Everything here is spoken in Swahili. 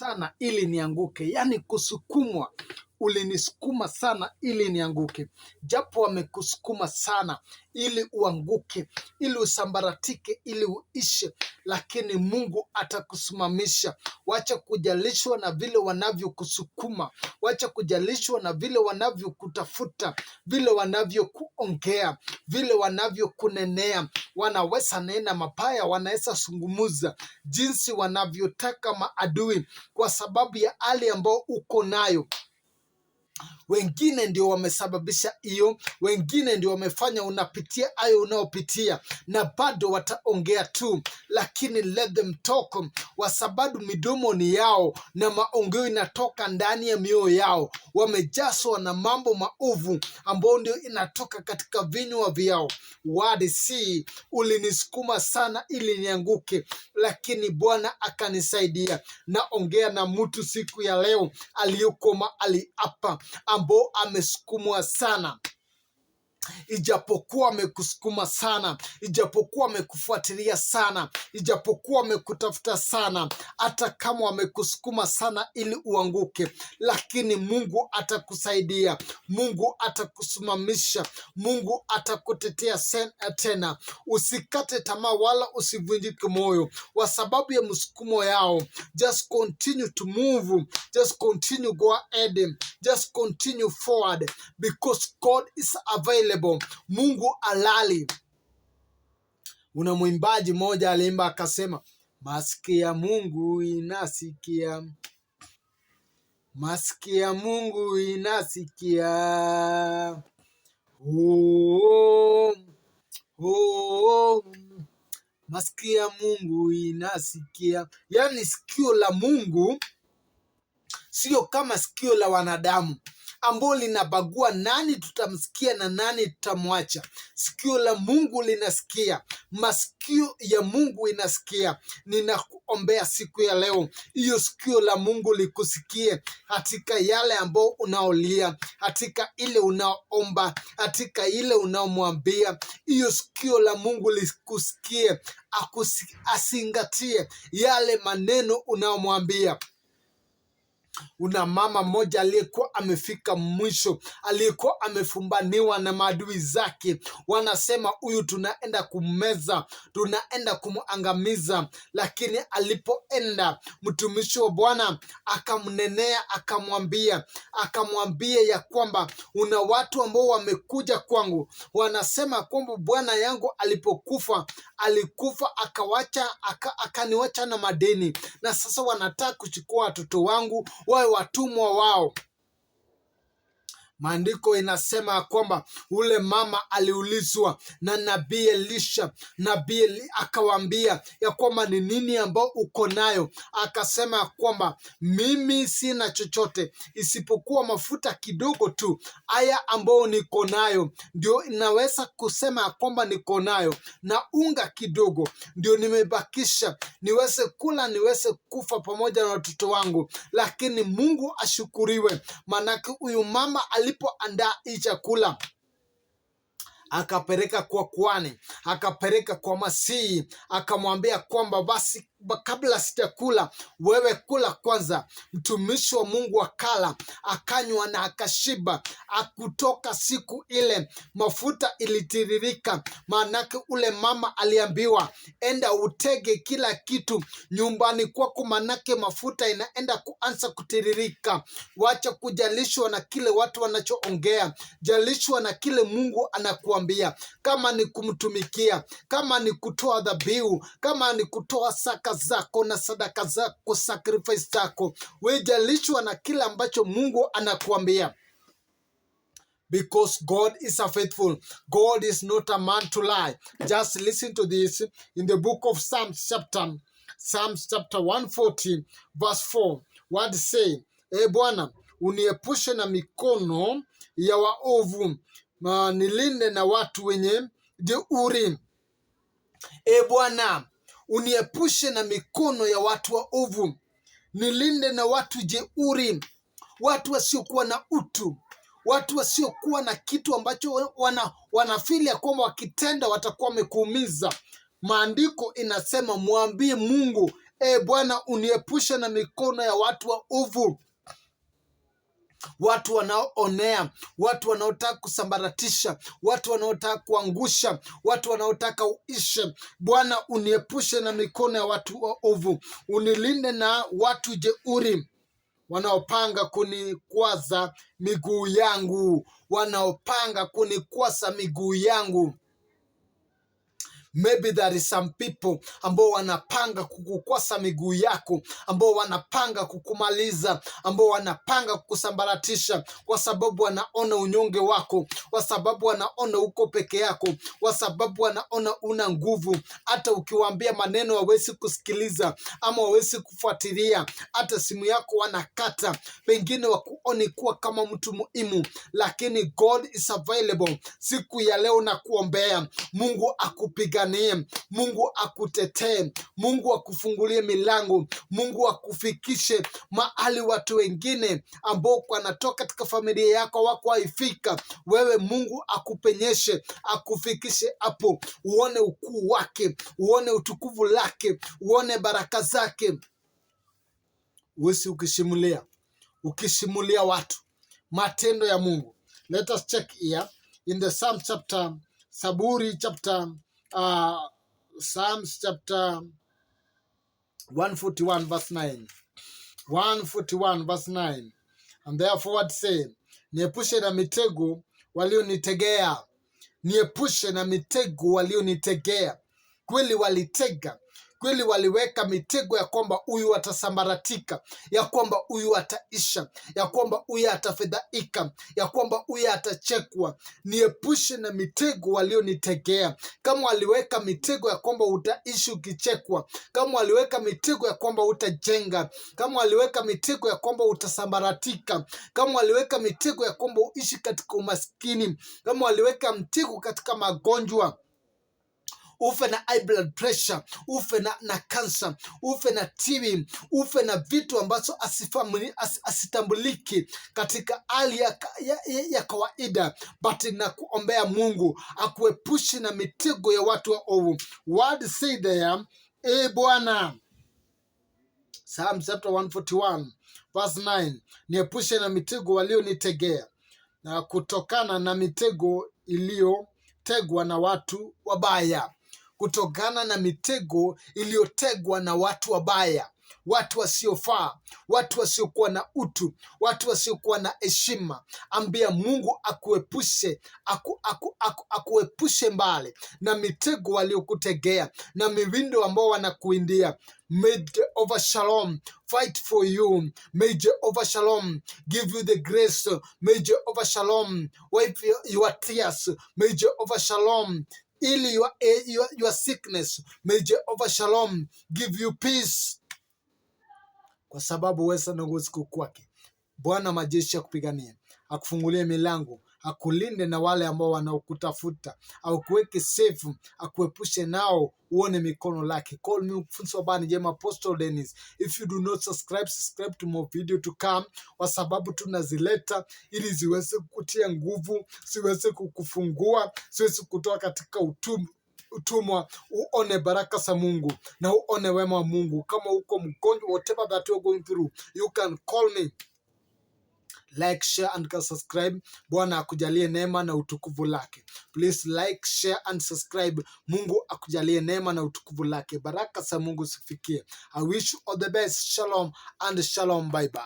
sana ili nianguke, yaani kusukumwa ulinisukuma sana ili nianguke. Japo wamekusukuma sana ili uanguke, ili usambaratike, ili uishe, lakini Mungu atakusimamisha. Wacha kujalishwa na vile wanavyokusukuma, wacha kujalishwa na vile wanavyokutafuta, vile wanavyokuongea, vile wanavyokunenea. Wanaweza nena mabaya, wanaweza sungumuza jinsi wanavyotaka maadui, kwa sababu ya hali ambayo uko nayo wengine ndio wamesababisha hiyo, wengine ndio wamefanya unapitia hayo unaopitia na bado wataongea tu, lakini let them talk, kwa sababu midomo ni yao na maongeo inatoka ndani ya mioyo yao. Wamejaswa na mambo maovu ambayo ndio inatoka katika vinywa vyao. Wadisi, ulinisukuma sana ili nianguke, lakini Bwana akanisaidia. Naongea na mtu siku ya leo aliyokoma mahali ambao amesukumwa sana ijapokuwa amekusukuma sana, ijapokuwa amekufuatilia sana, ijapokuwa amekutafuta sana, hata kama amekusukuma sana ili uanguke, lakini Mungu atakusaidia, Mungu atakusimamisha, Mungu atakutetea tena. Usikate tamaa wala usivunjike moyo kwa sababu ya msukumo yao. Just continue to move, just continue go ahead, just continue forward because God is available. Bible, Mungu alali. Una mwimbaji mmoja aliimba akasema, masikia Mungu inasikia, masikia Mungu inasikia. Oh, oh, oh, oh. masikia Mungu inasikia, yaani sikio la Mungu sio kama sikio la wanadamu ambao linabagua nani tutamsikia na nani tutamwacha. Sikio la Mungu linasikia, masikio ya Mungu inasikia. Ninakuombea siku ya leo, hiyo sikio la Mungu likusikie katika yale ambao unaolia, katika ile unaoomba, katika ile unaomwambia. Hiyo sikio la Mungu likusikie, akusi, asingatie yale maneno unaomwambia. Una mama mmoja aliyekuwa amefika mwisho, aliyekuwa amefumbaniwa na maadui zake, wanasema huyu tunaenda kummeza, tunaenda kumwangamiza. Lakini alipoenda mtumishi wa Bwana akamnenea, akamwambia, akamwambia ya kwamba una watu ambao wamekuja kwangu, wanasema kwamba bwana yangu alipokufa alikufa akawacha, akaniwacha na madeni, na sasa wanataka kuchukua watoto wangu wawe watumwa wao. Maandiko inasema kwamba ule mama aliulizwa na nabii Elisha. Nabii akawaambia ya kwamba ni nini ambao uko nayo, akasema kwamba mimi sina chochote isipokuwa mafuta kidogo tu, haya ambayo niko nayo ndio inaweza kusema kwamba niko nayo, na unga kidogo ndio nimebakisha, niweze kula, niweze kufa pamoja na watoto wangu. Lakini Mungu ashukuriwe, maanake huyu mama ali alipoandaa hii chakula akapeleka kwa kwani, akapeleka kwa Masihi, akamwambia kwamba basi kabla sijakula, wewe kula kwanza. Mtumishi wa Mungu akala, akanywa na akashiba. Akutoka siku ile mafuta ilitiririka, maanake ule mama aliambiwa, enda utege kila kitu nyumbani kwako, maanake mafuta inaenda kuanza kutiririka. Wacha kujalishwa na kile watu wanachoongea, jalishwa na kile Mungu anakuambia, kama ni kumtumikia, kama ni kutoa dhabihu, kama ni kutoa saka sadaka zako na sadaka zako, sacrifice zako, wejalishwa na kila ambacho Mungu anakuambia. Because God is a faithful. God is not a man to lie. Just listen to this in the book of Psalms chapter Psalms chapter 140 verse 4. What say? E Bwana, uniepushe na mikono ya waovu, nilinde na watu wenye jeuri. E Bwana, uniepushe na mikono ya watu wa ovu, nilinde na watu jeuri, watu wasiokuwa na utu, watu wasiokuwa na kitu ambacho wana wanafili ya kwamba wakitenda watakuwa wamekuumiza. Maandiko inasema mwambie Mungu, e Bwana, uniepushe na mikono ya watu wa ovu watu wanaoonea, watu wanaotaka kusambaratisha, watu wanaotaka kuangusha, watu wanaotaka uishe. Bwana, uniepushe na mikono ya watu waovu, unilinde na watu jeuri wanaopanga kunikwaza miguu yangu, wanaopanga kunikwaza miguu yangu. Maybe there is some people ambao wanapanga kukukosa miguu yako, ambao wanapanga kukumaliza, ambao wanapanga kukusambaratisha, kwa sababu wanaona unyonge wako, kwa sababu wanaona uko peke yako, kwa sababu wanaona una nguvu. Hata ukiwaambia maneno hawezi kusikiliza ama hawezi kufuatilia, hata simu yako wanakata. pengine wakuoni kuwa kama mtu muhimu, lakini God is available. Siku ya leo na kuombea Mungu akupiga akupiganie, Mungu akutetee, Mungu akufungulie milango, Mungu akufikishe mahali watu wengine ambao wanatoka katika familia yako wako haifika, wewe Mungu akupenyeshe, akufikishe hapo, uone ukuu wake, uone utukufu lake, uone baraka zake. Wesi ukishimulia ukishimulia watu matendo ya Mungu. Let us check here in the Psalm chapter Saburi chapter uh, Psalms chapter 141 verse 9. 141 verse 9. And therefore what say, niepushe na mitego walionitegea, niepushe na mitego walionitegea. Kweli walitega kweli waliweka mitego ya kwamba huyu atasambaratika, ya kwamba huyu ataisha, ya kwamba huyu atafedhaika, ya kwamba huyu atachekwa. Niepushe na mitego walionitegea. Kama waliweka mitego ya kwamba utaishi ukichekwa, kama waliweka mitego ya kwamba utajenga, kama waliweka mitego ya kwamba utasambaratika, kama waliweka mitego ya kwamba uishi katika umaskini, kama waliweka mtego katika magonjwa ufe na high blood pressure, ufe na na cancer, ufe na TB, ufe na vitu ambazo as, asitambuliki katika hali ya, ya, ya ya kawaida, but na kuombea Mungu akuepushi na mitego ya watu wa ovu. Word say there, e Bwana, Psalm chapter 141 verse 9, niepushe na mitego walionitegea na kutokana na mitego iliyotegwa na watu wabaya kutokana na mitego iliyotegwa na watu wabaya, watu wasiofaa, watu wasiokuwa na utu, watu wasiokuwa na heshima. Ambia Mungu akuepushe, aku, aku, aku, akuepushe mbali na mitego waliokutegea na miwindo ambao wanakuindia. May Jehovah Shalom fight for you. May Jehovah Shalom give you the grace. May Jehovah Shalom wipe your tears. May Jehovah Shalom ili your, eh, your, your sickness may Jehovah Shalom give you peace, kwa sababu wewe sana uwezo kwake Bwana majeshi ya kupigania akufungulie milango akulinde na wale ambao wanaokutafuta, akuweke safe, akuepushe nao, uone mikono lake. Call me mfunzi wa habari njema Apostle Dennis. If you do not subscribe, subscribe to more video to come, kwa sababu tunazileta ili ziweze kukutia nguvu, ziweze kukufungua, ziweze kutoa katika utumwa utumwa uone baraka za Mungu na uone wema wa Mungu. Kama uko mgonjwa, whatever that you are going through, you can call me like, share and subscribe. Bwana akujalie neema na utukufu lake. Please like, share and subscribe. Mungu akujalie neema na utukufu lake. Baraka za Mungu zifikie. I wish you all the best. Shalom and shalom. Bye bye.